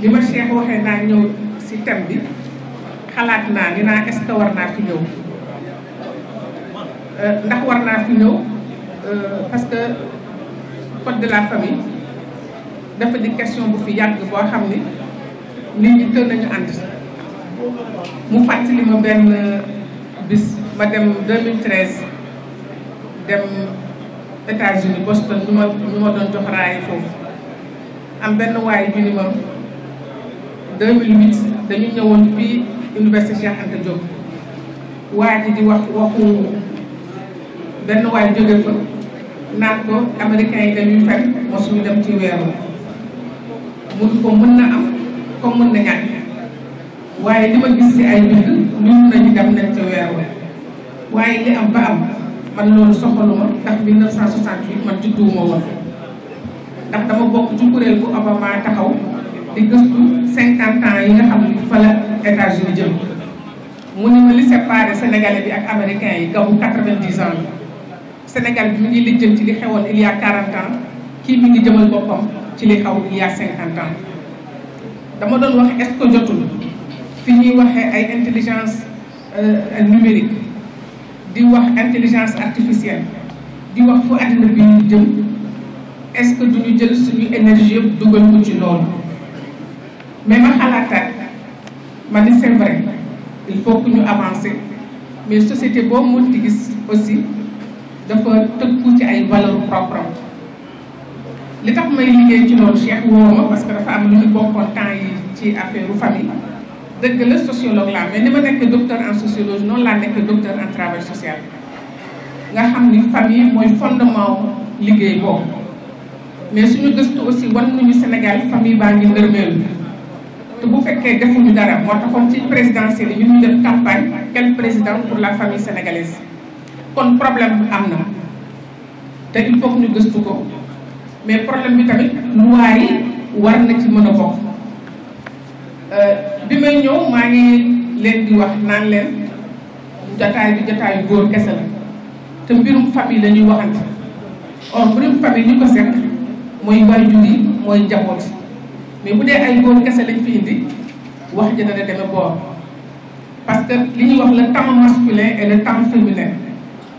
bi ma Cheikh waxee naa ñëw si thème bi xalaat naa ni naa est war naa fi ñëw euh, ndax war naa fi ñëw euh, parce code de la famille dafa di question bu fi yàgg boo xam ni nit ñi tën nañu ànd mu fàttali ma benn bis ma dem dem États-Unis Boston ñu ma ñu ma doon jox foofu am benn waay bi ni 2008 dañu ñëwoon fii université Cheikh Anta Diop waa ji di wax waxu benn waay jóge fa naan ko américains yi dañuy fen mosuñu dem ci weeru mën na am mën na ñàkk waaye li ma gis ci ay bind ñun nañu dem nañ ca weer waaye li am ba am man loolu soxaluma ndax 1968 man judduwuma woon ndax dama bokk ci kuréel taxaw di gëstu cinquante ans yi nga xam ne fa la États-Unis jëm mu ne ma li séparé sénégalais bi ak américain yi gawu quatre-vingt-dix ans Sénégal bi mu ngi lijjëm ci li xewoon il y ans kii mi ngi jëmal boppam ci li xaw il y ans dama doon wax est-ce que jotul fi ñuy waxee ay intelligence euh, numérique di wax intelligence artificielle di wax fu àddina bi ñu jëm est-ce que duñu jël suñu énergie yëpp dugal ko ci loolu mais ma xalaataat ma ni c'est vrai il faut que ñu avancer mais société boo mun di gis aussi dafa tëkku ci ay valeur propre li tax may liggéey ci loolu Cheikh woo ma parce que dafa am lu ñu bokkoon temps yi ci affaire famille dëgg la sociologue laa mais ni ma nekk docteur en sociologie noonu laa nekk docteur en travail social nga xam ni famille mooy fondement liggéey boobu mais suñu gëstu aussi wan nañu Sénégal famille baa ngi ndërmeelu te bu fekkee defuñu dara moo taxoon ci présidentielle yi ñu def campagne quel président pour la famille sénégalaise kon problème am na te il faut ñu gëstu ko mais problème bi tamit loi yi war na ci mën a bokk euh, bi may ñëw maa ngi leen di wax naan leen jotaay bi jotaayu góor kese la te mbirum famille la ñuy waxante or mbirum famille ñu ko seq mooy waajur yi mooy njaboot mais bu dee ay góor kese lañ fi indi wax ji dana demee boor parce que li ñuy wax le temps masculin et le temps féminin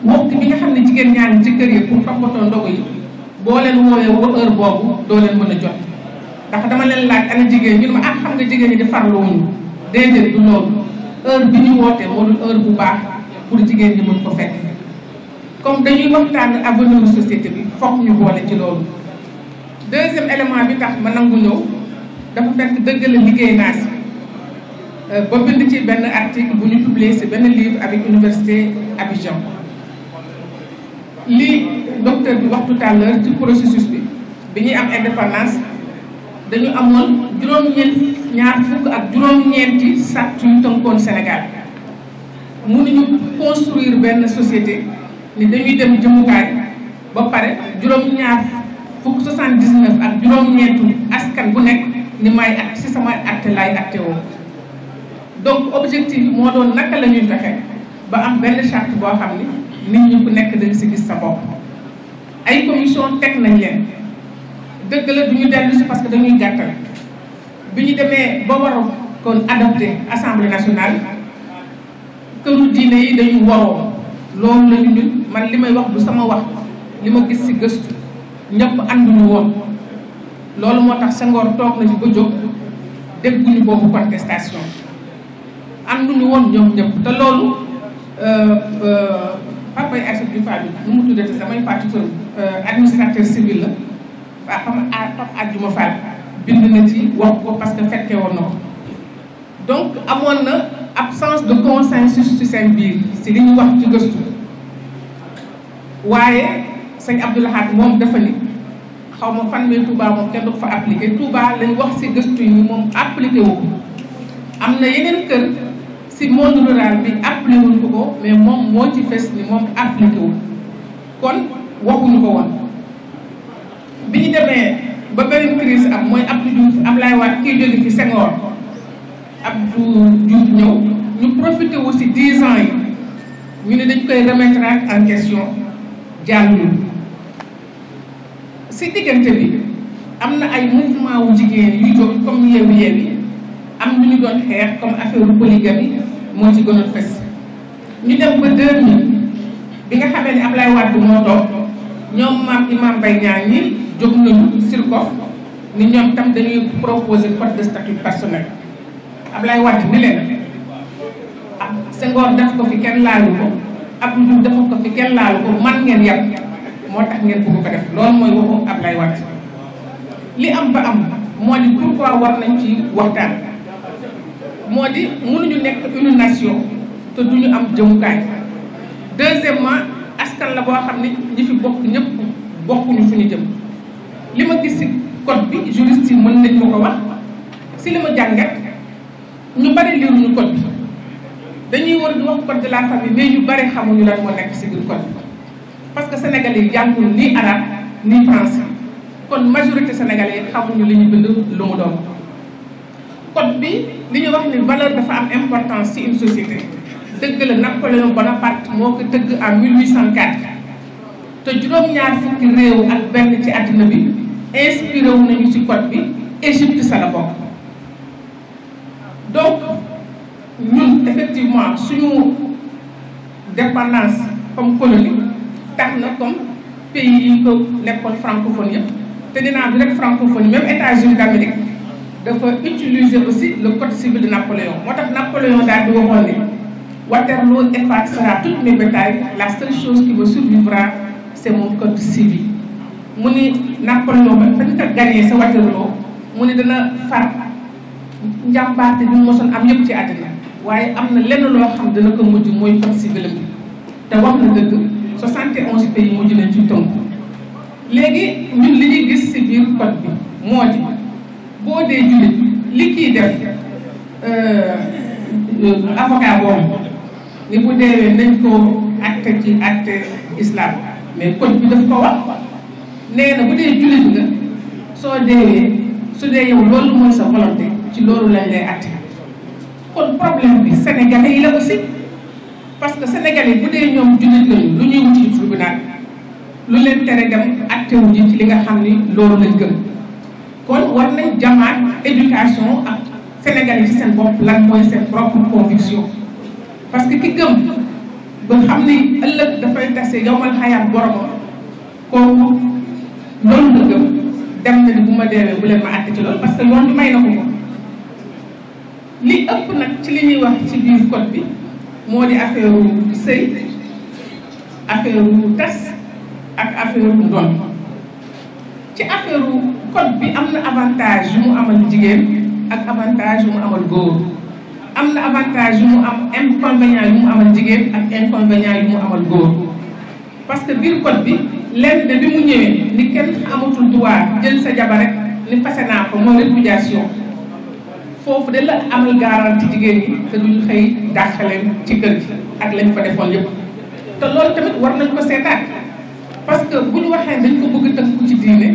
waxtu bi nga xam ne jigéen ñaar ngi ci kër yi pour toppatoo ndogu yi boo leen woowee ba heure boobu doo leen mën a jot ndax dama leen laaj ana jigéen ñu ne ma ah xam nga jigéen ñi di farluwuñu déedéet du loolu heure bi ñu wootee moo dul heure bu baax pour jigéen ñi mën ko fekk comme dañuy waxtaan avenir société bi foog ñu boole ci loolu deuxième élément bi tax ma nangu ñëw dafa fekk dëgg la liggéey naa si euh, ba bind ci benn article bu ñu publier si benn livre avec université Abidjan li docteur bi wax tout à ci processus bi bi ñuy am indépendance dañu amoon juróom-ñeent ñaar fukk ak juróom-ñeenti sàrt yu tënkoon Sénégal mënuñu construire benn société ni dañuy dem jëmukaay ba pare juróom-ñaar fukk soixante-dix-neuf ak juróom-ñeentu askan bu nekk ni may act si sama acte lay acte woo donc objectif moo doon naka la ñuy fexe ba am benn chart boo xam ni nit ñi ku nekk dañu si gis sa bopp ay commission teg nañ leen dëgg la du ñu dellu si parce que dañuy gàttal bi ñu demee ba war kon adopté assemblée nationale këru diine yi dañu waroo loolu la ñu man li may wax du sama wax li ma gis ci gëstu ñëpp ànduñu woon loolu moo tax Senghor toog nañu ba jóg dégguñu boobu contestation ànduñu woon ñoom ñëpp te loolu euh, euh, papa yi asib bi fabi nu mu tuddati samay partiteur administrateur civil la waa xam a topp ajjuma fabi bind na ci wax ko parce que fekkee woon na ko donc amoon na absence de consensus ci seen biir si li ñu wax ci gëstu waaye sëñ Abdou Lahad moom dafa ni xaw ma fan mais Touba moom kenn du fa appliqué Touba lañ wax si gëstu yi moom appliqué wu am na yeneen kër si monde rural bi appliqué wuñ ko mais moom moo ci fes ni moom appliqué kon waxuñu ko woon bi ñu demee ba beneen crise am mooy Abdou Diouf Ablaye Wade kii jóge fi Senghor Abdou Diouf ñëw ñu profité wu si dix yi ñu ne dañ koy remettre en question jàll si diggante bi am na ay mouvement wu jigéen yu jóg comme yeewu yeew yi am lu ñu doon xeex comme affaire polygamie moo ci gënoon fes ñu dem ba 2000 bi nga xamee ne Ablaye Wade moo toog ñoom maam Imam Mbaye Niang ñi jóg nañu surkof ni ñoom tam dañuy proposer code de statut personnel Ablaye Wade ni leen ah Senghor def ko fi kenn laalu ko Abdou Diouf def ko fi kenn laalu ko man ngeen yàpp moo tax ngeen bëgg ko def loolu mooy waxum Ablaye Wade li am ba am moo di pourquoi war nañ ci waxtaan moo di mënuñu nekk une nation te du ñu am jëmukaay deuxièmement askan la boo xam ne ñi fi bokk ñëpp bokkuñu fu ñu jëm li ma gis ci code bi juriste yi mën nañ ma ko wax si li ma jàngat ñu bari liiruñu code bi dañuy war di wax code de la famille mais ñu bari xamuñu lan moo nekk si biir code parce que sénégalais yi jàngul ni arab ni français kon majorité sénégalais yi xamuñu li bind lu mu doon code bi li ñu wax ni valeur dafa am importance ci une société dëgg la Napoléon Bonaparte moo ko tëgg en 1804 te juróom-ñaar fukki réew ak benn ci àddina bi inspiré wu nañu ci code bi Égypte sa la bokk donc ñun effectivement suñu dépendance comme colonie tax na comme pays yi ko nekkoon francophone yëpp te dinaa du rek francophone même États-Unis d'Amérique dafa utiliser aussi le code civil Napoléon moo tax Napoléon daal di waxoon ne Waterloo effacera toutes mes batailles la seule chose qui me survivra c'est mon code civil mu ni Napoléon ba dañ ko gagné sa Waterloo mu ni dana far njàmbaarte bi mosoon am yëpp ci àddina waaye am na lenn loo xam dana ko mujj mooy code civil bi te wax na dëgg 71 pays moo jëlee ci tënk léegi ñun li ñuy gis ci biir code bi moo di boo dee jullit li kii def euh, avocat boobu ni bu deewee nañ ko acte ci acte islam mais code bi daf ko wax nee na bu dee jullit nga soo deewee su dee yow loolu mooy sa volonté ci loolu lañ lay acte kon problème bi sénégalais yi la aussi parce que sénégalais bu dee ñoom jullit lañu lu ñuy wuti ci tribunal lu leen tere dem attewu ji ci li nga xam ni loolu lañ gëm kon war nañ jamaat éducation ak sénégalais ci seen bopp lan mooy seen propre conviction parce que ki gëm ba xam ni ëllëg dafay tase yowmal xayaat boromam kooku loolu la gëm dem na ni bu ma deewee bu leen ma àtte ci loolu parce que yoon bi may na ko moom li ëpp nag ci li ñuy wax ci biir code bi moo di affaire u sëy affaire tas ak affaire u ci affaire u code bi am na avantage yu mu amal jigéen ak avantage yu mu amal góor am na avantage yu mu am inconvénient yu mu amal jigéen ak inconvénient yu mu amal góor parce que biir code bi lenn de bi mu ñëwee ni kenn amatul droit jël sa jabar rek ni fase naa ko mooy répudiation foofu de la amal ci jigéen ñi te duñu xëy dàqaleen ci kër gi ak lañ fa defoon yëpp te loolu tamit war nañ ko seetaat parce que bu ñu waxee dañ ko bëgg tënku ci diine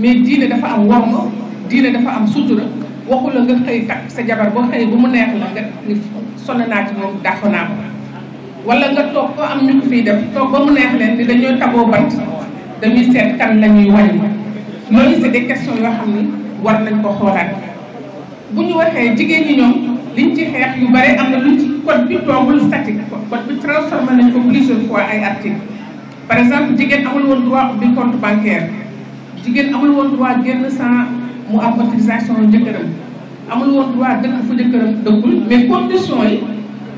mais diine dafa am worma diine dafa am sutura waxu la nga xëy takk sa jabar ba xëy bu mu neex la nga ni sonn naa ci moom dàq naa ko wala nga toog ko am ñu ko fiy def toog ba mu neex leen ni dañoo taboo bant dañuy seet kan la ñuy wàññi loolu c'est des questions yoo xam ni war nañ ko xoolaat bu ñu waxee jigéen ñi ñoom liñ ci xeex yu bare am na luñ ci code bi toogul statique code bi transformé nañ ko plusieurs fois ay articles par exemple jigéen amul woon droit ubbi compte bancaire jigéen amul woon droit génn sans mu am autorisation jëkkëram amul woon droit dëkk fu jëkkëram dëkkul mais condition yi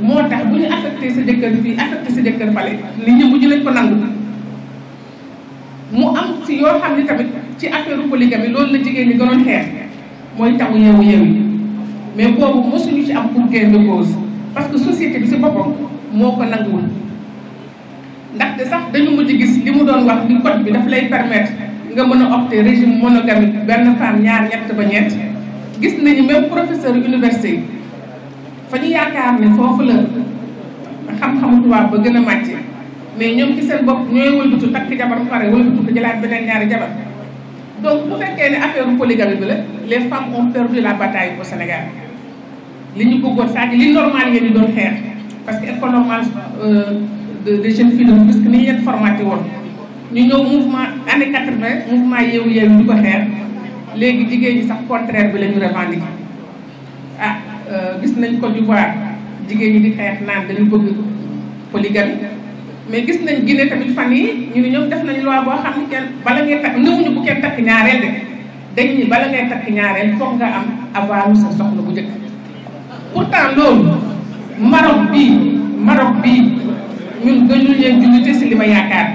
moo tax bu ñu affecté sa jëkkër fii affecté sa jëkkër fale nit ñi bu ñu leen ko nangu mu am si yoo xam ni tamit ci affaire polygamie loolu la jigéen ñi gënoon xeex mooy tawu yeewu yeewu yi mais boobu mosuñu ci am pour gain de cause parce que société bi si boppam moo ko ndax ndaxte sax dañu mujj gis li mu doon wax ni code bi daf lay permettre nga mën a opter régime monogamique benn femme ñaari ñett ba ñett gis nañu même professeur université yi fa ñu yaakaar ne foofu la xam-xamu ba gën a màcce mais ñoom ci seen bopp ñooy wëlbatu takk jabar pare wëlbatu ko jëlaat beneen ñaari jabar donc bu fekkee ne affaire polygamie bi la les femmes ont perdu la bataille au Sénégal li ñu bëggoon saa li normal ngeen di doon xeex parce que école normale euh, de de jeunes ni ñu leen formaté woon ñu ñëw mouvement année quatre-vingt mouvement yeewu yeewu ñu ko xeex léegi jigéen ñi sax contraire bi la ñu revendiqué ah euh, gis nañ ko Côte d'Ivoire jigéen ñi di xeex naan dañu bëgg polygamie mais gis nañ Guinée tamit fan yi ñu ne ñoom def nañ loi boo xam ne kenn bala ngay takk néewuñu bu kenn takk ñaareel de dañ ni bala ngay takk ñaareel foog nga am avaaru sa soxna bu njëkk pourtant loolu Maroc bii Maroc bii ñun gënuñ leen jullite si li ma yaakaar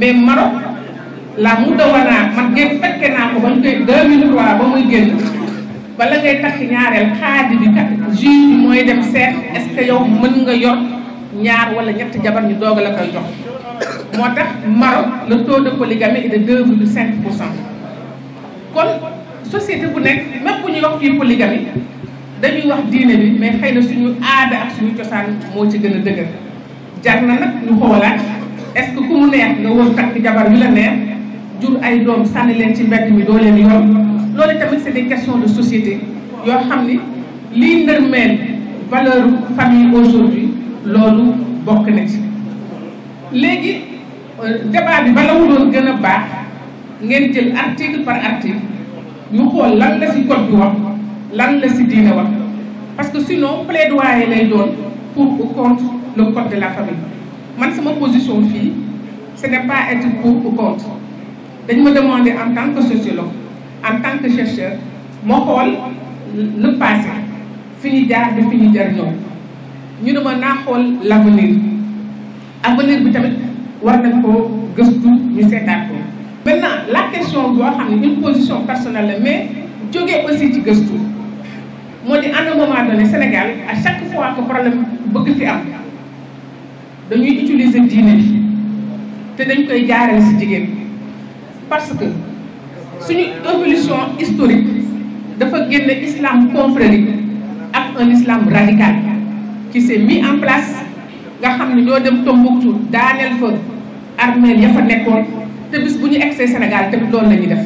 mais Maroc la mu dawanaa man ngeen fekke naa ko ba ñu koy 2003 ba muy génn bala ngay takk ñaareel xaadi bi takk juge bi mooy dem seet est yow mën nga yor ñaar wala ñetti jabar ñu doog la koy jox moo tax Maroc la taux de polygamie est de deux virgule cinq pour cent kon société bu nekk même bu ñuy wax fii polygamie dañuy wax diine bi mais xëy na suñu aada ak suñu cosaan moo ci gën a dëgër jar na nag ñu xoolaat est-ce que ku mu neex nga war takk jabar bi la neex jur ay doom sànni leen ci mbedd mi doo leen yor loolu tamit c'est des questions de société yoo xam ni liy ndërmeel valeur famille aujourd'hui loolu bokk na ci léegi euh, débat bi bala mu doon gën a baax ngeen jël article par article ñu xool lan la ci code bi wax lan la ci diine wax parce que sinon plaidoyer lay doon pour ou contre le code de la famille man sama position fii ce n'est pas être pour ou contre dañ ma demander en tant que sociologue en tant que chercheur moo xool le passé fi ñu jaar bi fi ñu jar ñoom ñu ne ma naa xool l' avenir avenir bi tamit war nañ koo gëstu ñu seetaat ko. maintenant la question boo xam ne une position personnelle la mais jógee aussi ci gëstu moo di à un moment donné Sénégal à chaque fois que problème bëgg fi am dañuy utiliser diine te dañ koy jaarale si jigéen parce que suñu évolution historique dafa génn islam confrérique ak un islam radical. ci s'est mis en place nga xam ne ñoo dem Tombouctou daaneel fa armée ya fa nekkoon te bis bu ñu egsee senegal tamit loolu la ñuy def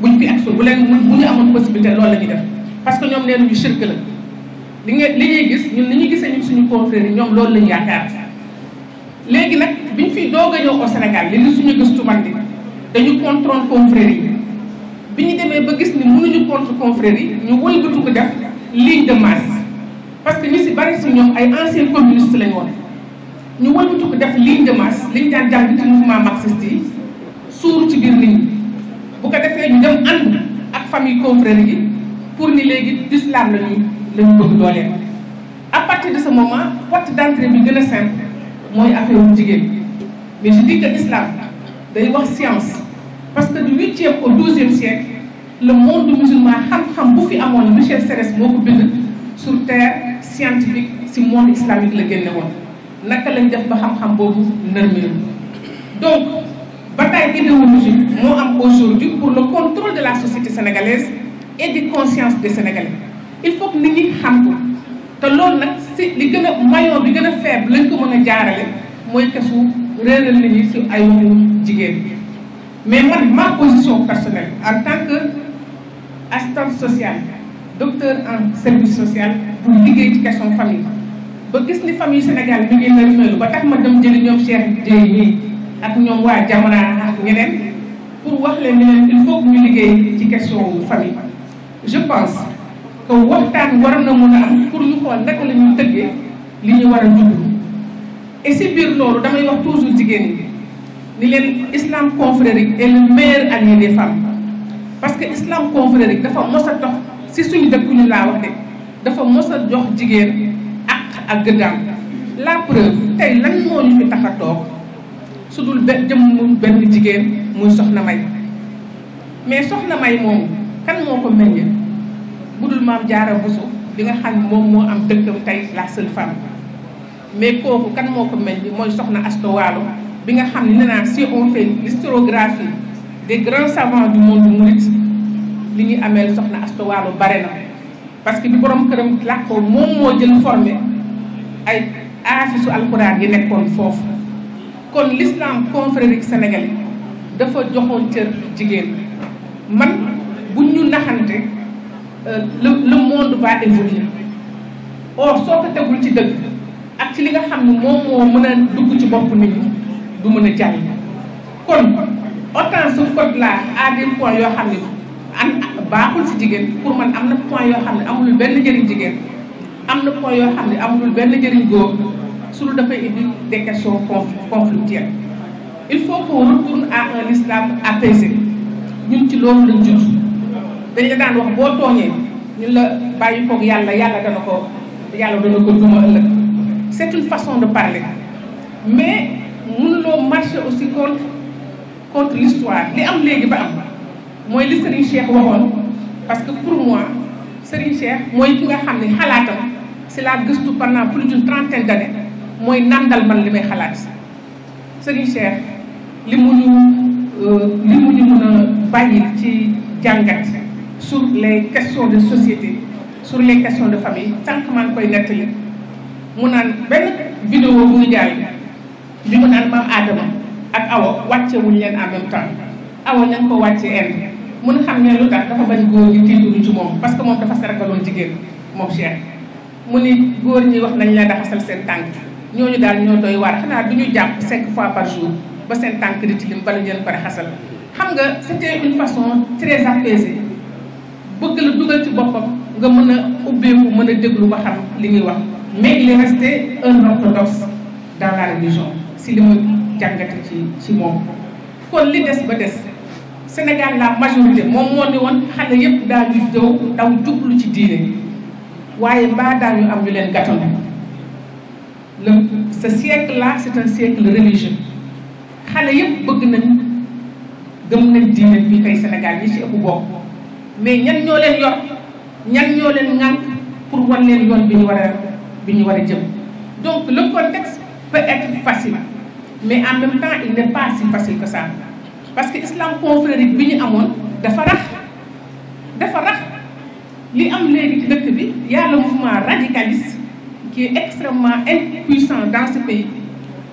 bu buñ fi agsul bu leen bu ñu amoon possibilité loolu la ñuy def parce que ñoom leen nañu shirk la li nga li ñuy gis ñun li ñuy gisee ñun suñu confrères yi ñoom loolu la ñu yaakaar léegi nag ñu fi doog a ñëw au Sénégal li ñu suñu gëstu man di dañu contrôle confrères yi bi ñu demee ba gis ni mënuñu contre confrères yi ñu wëlbatu ko def ligne de masse parce que ñu si bari si ñoom ay anciens communistes lañ woon ñu wëlbatu ko def ligne de masse liñ daan jàng ci mouvement marxiste yi suur ci biir nit ñi bu ko defee ñu dem ànd ak famille confrère yi pour ni léegi l'islam la ñu la ñu bëgg dooleel à partir de ce moment porte d'entrée bi gën a simple mooy affaire wu jigéen mais je dis que l'islam day wax science parce que du huitième au douzième siècle le monde musulman xam-xam bu fi amoon Michel Serres moo ko bind sur terre scientifique si monde islamique la génne woon naka lañ def ba xam-xam boobu nërminu donc bataille idéologique moo am aujourd'hui pour le contrôle de la société sénégalaise et des consciences de Sénégalais il faut que nit ñi xam ko te loolu nag si li gën a maillon bi gën a faible lañ ko mën a jaarale mooy kasu réeral nit ñi si ay waxu jigéen mais man ma position personnelle en tant que assistante sociale docteur en service social pour liggéey ci question famille ba gis ni famille Sénégal mi ngi lël lëlu ba tax ma dem jëli ñoom Cheikh Dieye yi ak ñoom waa Jamra ak ñeneen pour wax leen ne leen il faut que ñu liggéey ci question famille je pense que waxtaan war na mun a am pour ñu xool naka la ñu tëggee li ñu war a dund et si biir loolu damay wax toujours jigéen ñi ni leen islam confrérique est le meilleur allié des femmes parce que islam confrérique dafa mos a si suñu dëkk ñu laa wax ne dafa mos jox jigéen àq ak gëddaam la preuve tey lan moo ñu fi tax toog su dul benn jëmm benn jigéen muy soxna may mais soxna may moomu kan moo ko meññ bu dul maam jaara busu bi nga xam moom moo am dëkkam tey la seule femme mais kooku kan moo ko meññ mooy soxna Asto Waalo bi nga xam ne nee naa si on fait l'historiographie des grands savants du monde mouride li amee ameel soxna Asta Walo bare na parce que bi borom këram làkkoo moom moo jël formé ay aafisu alxuraan yi nekkoon foofu kon l'islam confrérique sénégalais dafa joxoon cër jigéen man bu ñu naxante euh, le le monde va évoluer or soo ko tegul ci dëgg ak ci li nga xam ne moom moo mën a dugg ci bopp nit ñi du mën a jàll kon autant ce code là à des yoo xam ne am baaxul si jigéen pour man am na point yoo xam ne amulul benn njëriñ jigéen am na point yoo xam ne amulul benn njëriñ góor sulu dafay indi des questions conflictuelles il faut qu'on retourne à un islam apaisé ñun ci loolu lañ judd dañ la daan wax boo tooñee ñun la bàyyi koog yàlla yàlla dana ko yàlla dana ko duma ëllëg c'est une façon de parler mais mënuloo marché aussi contre contre l'histoire li am léegi ba am mooy li Serigne Cheikh waxoon parce que pour moi Serigne Cheikh mooy ki nga xam ne xalaatam si laa gëstu pendant plus d'une trentaine d'années mooy nandal man li may xalaat Serigne Cheikh li mu ñu euh, li mu ñu mën a bàyyi ci jàngat sur les questions de société sur les questions de famille tant koy nettali mu naan benn vidéo bu ñu jàll bi mu naan maam Adama ak Awa wàccewuñ leen en même temps Awa nañ ko wàcce Inde mun a xam ne lu tax dafa bañ góor ñi tiituñu ci moom parce que moom dafa saragaloon jigéen moom Cheikh mu ni góor ñi wax nañ la daxasal seen tànk ñooñu daal ñoo doy waar xanaa du ñu jàpp cinq fois par jour ba seen tànk di tilim bala ngeen ko raxasal xam nga c'était une façon très apaisée bëgg la dugal ci boppam nga mën a ubbeeku mën a déglu ma xam li muy wax mais il est resté un orthodoxe dans la religion si li mu jàngate ci ci moom kon li des ba des Sénégal la majorité moom moo ne woon xale yëpp daal di daw daw jublu ci diine waaye mbaa daal ñu am ñu leen gàttal le ce siècle là c'est un siècle religieux xale yëpp bëgg nañ gëm nañ diine fii tey Sénégal ñi ci ëpp mais ñan ñoo leen yor ñan ñoo leen ŋànk pour wan leen yoon bi ñu war a bi ñu war a jëm donc le contexte peut être facile mais am même temps il n'est pas si facile que ça parce que islam confrérique bi ñu amoon dafa rax dafa rax li am léegi ci bi y a le mouvement radicaliste qui est extrêmement impuissant dans ce pays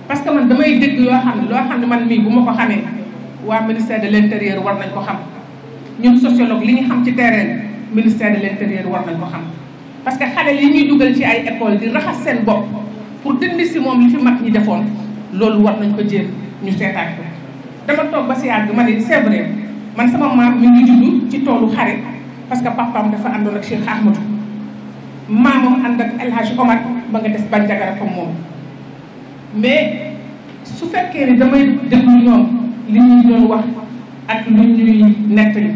parce que man damay dégg yoo xam loo xam ne man mii bu ma ko xamee waa ministère de l'intérieur war nañ ko xam ñun sociologue li ñu xam ci terrain ministère de l'intérieur war nañ ko xam parce que xale yi ñuy dugal ci ay école di raxas seen bopp pour dindi si moom li fi mag ñi defoon loolu war nañ ko jéem ñu seetaat dama toog ba si yàgg ma ne c'est man sama maam mi ngi judd ci toolu xare parce que papaam dafa àndoon ak Cheikh Ahmadou maamam ànd ak El Omar ba nga def Bandiagara comme moom mais su fekkee ne damay déglu ñoom li ñuy doon wax ak lu ñuy nett yi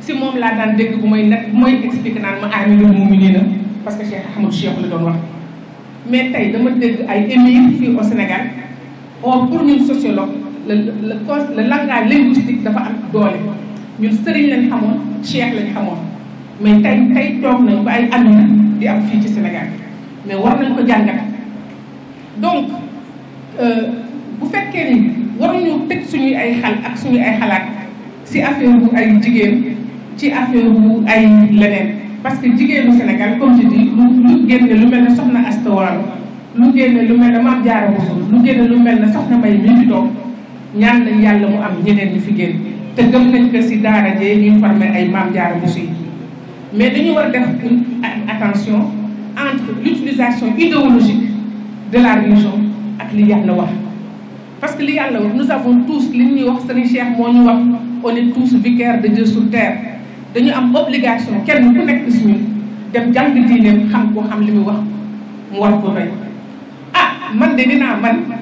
si moom laa daan dégg bu may nett bu may expliqué naan ma aami loolu moom nii na parce que Cheikh Ahmadou Cheikh la doon wax mais tey dama dégg ay émir fii au Sénégal or pour ñun sociologue la le le le langage linguistique dafa am doole ñun sëriñ lañ xamoon cheikh lañ xamoon mais tey tey toog nañ ba ay amina di am fii ci Sénégal mais war nañ ko jàngat donc euh, bu fekkee ni waruñu teg suñuy ay xal ak suñuy ay xalaat si affaire bu ay jigéen ci affaire bu ay leneen parce que jigéenu senegal comme je dis lu lu mel ne soxna Asta Walo lu génne lu mel ne Mame Diarra Bousso lu génne lu mel ne soxna May mi di doom ñaan nañ yàlla mu am ñeneen ñu fi génn te gëm nañ que si daara jee ñuy former ay maam jaara bu suy mais dañu war a def attention entre utilisation idéologique de la religion ak li yàlla wax parce que li yàlla wax nous avons tous li ñuy wax sëriñ Cheikh moo ñu wax on est tous vicaires de Dieu sur terre dañu am obligation kenn ku nekk si ñun dem jàng diineem xam ko xam li muy wax mu war ko roy ah man de dinaa man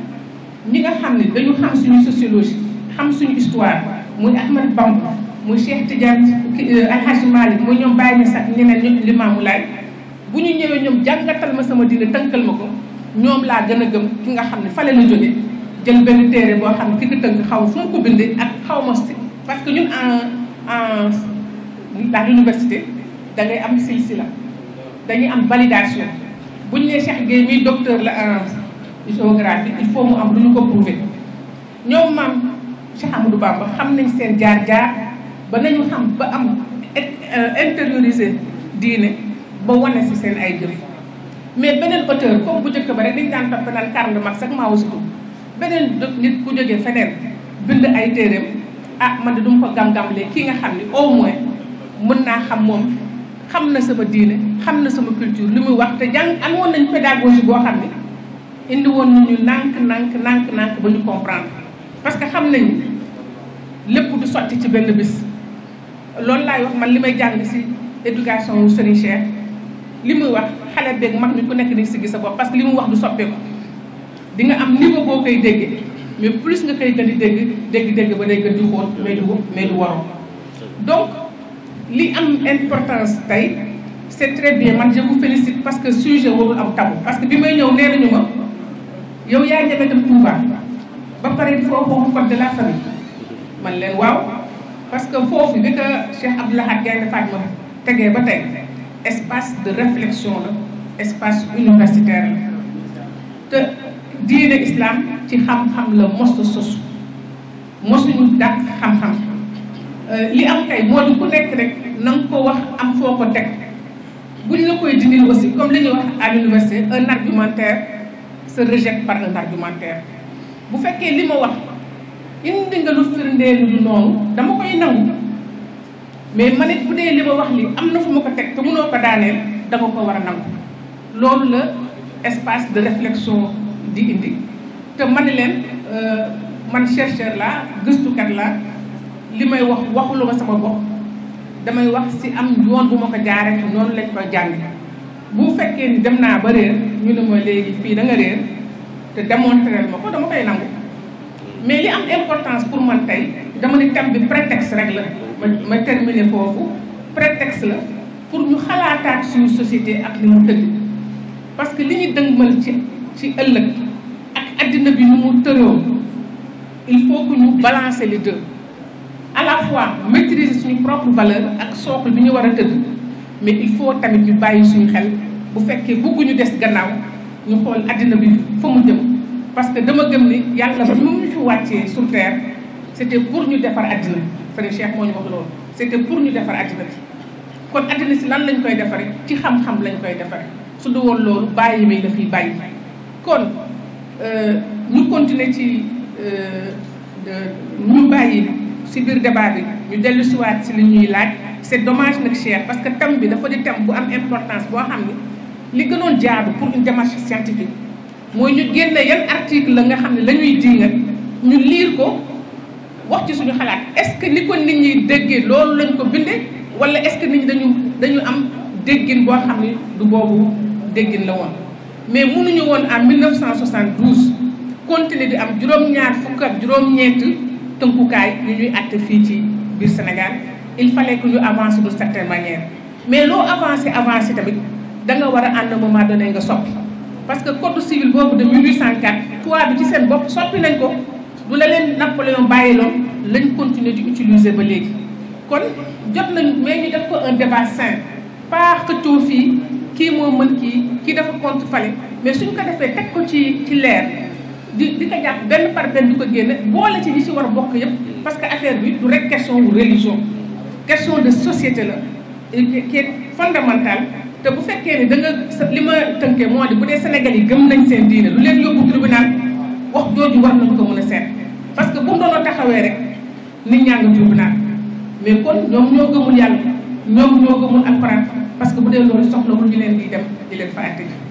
ñi nga xam ne dañu xam suñu sociologie xam suñu histoire muy Ahmad Bamba muy Cheikh Tidiane Alhaji euh, Malick muy ñoom Baye Niass ak ñeneen ñëpp Limaamu Laay bu ñu ñëwee ñoom jàngatal ma sama diine tënkal ma ko ñoom laa gën a gëm ki nga xam ne fale la jógee jël benn téere boo xam ne ki ko tënk xaw fu mu ko bindee ak xaw ma si parce que ñun en en la université da ngay am la dañuy am validation bu ñu nee Cheikh Gueye mii docteur la en. géographique il faut mu am lu ñu ko prouver ñoom maam du baax Bamba xam nañ seen jaar-jaar ba nañu xam ba am euh, intérioriser diine ba wane si seen ay jëf mais beneen auteur comme bu njëkk ba rek dañ daan topp naan Karl Marx ak Mao Zedong beneen nit ku jógee feneen bind ay téeréem ah man da du ma ko gam-gamlee kii nga xam ni au moins mën naa xam moom xam na sama diine xam na sama culture lu muy wax te jàng amoon nañ pédagogie boo xam ni indi woon nañu nànk nànk nànk nànk ba ñu comprendre parce que xam nañ lépp du sotti ci benn bis loolu laay wax man li may jàng si éducation wu Serigne Cheikh li muy wax xale beeg mag mi ku nekk ni si gis sa bopp parce que li mu wax du soppeeku di nga am niveau boo koy déggee mais plus nga koy gën di dégg dégg-dégg ba day gën di xóot mais du mais donc li am importance tey c'est très bien man je félicite parce que sujet warul am tabou parce que bi may ñëw nee nañu ma yow yaay njabootam Touba ba pare foo foofu code de la famille man leen waaw parce que foofu bi ko Cheikh Abdou Lahad Gaïndé Fatma tegee ba tey espace de réflexion la espace universitaire la te diine islam ci xam-xam la mos sosu mosuñu dàq xam-xam euh, li am kay moo di ku nekk rek na nga ko wax am foo ko teg buñ la koy dindi aussi comme li ñuy wax à l'université un argumentaire se rejette par un argumentaire bu fekkee li ma wax indi nga lu firndeelu du noonu dama koy nangu mais man it bu dee li ma wax li am na fu ma ko teg te mënoo ko daaneel da nga ko war a nangu loolu la espace de réflexion di indi te man ne leen euh, man chercheur la gëstukat la li may wax waxula ma sama bopp damay wax si am yoon bu ma ko jaaree noonu lañ koy jàng bu fekkee ni dem naa ba réer ñu ne ma léegi fii da réer te démontrer ma ko dama koy nangu mais li am importance pour man tey dama ne thème bi prétexte rek la ma ma terminer foofu prétexte la pour ñu xalaataat suñu société ak li mu tëdd parce que li ñu dëngmal ci ci ëllëg ak addina bi nu mu tëroo il faut que ñu balancer les deux à la suñu propre valeur ak socle bi ñu war a tëdd mais il faut tamit ñu bàyyi suñu xel bu fekkee ñu des gannaaw ñu xool àddina bi fa mu jëm parce que dama gëm ni yàlla ba mu ñu fi wàccee sur terre c'était pour ñu defar àddina sëriñ Cheikh moo ñu wax loolu c'était pour ñu defar àddina bi kon àddina si lan lañ koy defaree ci xam-xam lañ koy defaree su du woon loolu bàyyi may dafay bàyyi kon euh, ñu continuer ci euh, ñu bàyyi ci biir débat bi ñu dellu siwaat si li ñuy laaj c'est dommage nag cher parce tam bi dafa di thème bu am importance boo xam ni li gënoon jaadu pour une démarche scientifique mooy ñu génne yan article la nga xam ne la ñuy diingat ñu liir ko wax ci suñu xalaat est-ce que li ko nit ñi déggee loolu lañ ko bindee walla est-ce que nit ñi dañu dañu am déggin boo xam ne du boobu déggin la woon mais mënuñu woon en 1972 continuer di am juróom-ñaar fukk ak juróom-ñeent tënkukaay yu ñuy àtte fii ci biir Sénégal il fallait que ñu avancer d'une certaine manière mais loo avancer avancer tamit da nga war a ànd moment donné nga soppi parce que code civil boobu de 1804 tubaab bi ci seen bopp soppi nañ ko du la leen Napoléon bàyyiloon lañ continuer di utiliser ba léegi kon jot nañ mais ñu def ko un débat sain pas xëccoo fii kii moo mën kii kii dafa contre fale mais suñ ko defee teg ko ci ci leer di di ko jàpp benn par benn di ko génne boole ci ñi ci war bokk yëpp parce que affaire bi du rek question wu religion question de société la qui est fondamentale te bu fekkee ni da nga sa li ma tënkee moo di bu dee Sénégal yi gëm nañ seen diine lu leen yóbbu tribunal wax jooju war nañ ko mun a seet parce que bu mu doon taxawee rek nit ñaa ngi tribunal mais kon ñoom ñoo gëmul yàlla ñoom ñoo gëmul alxuraan parce que bu dee soxla soxlawul ñu leen di dem di leen fa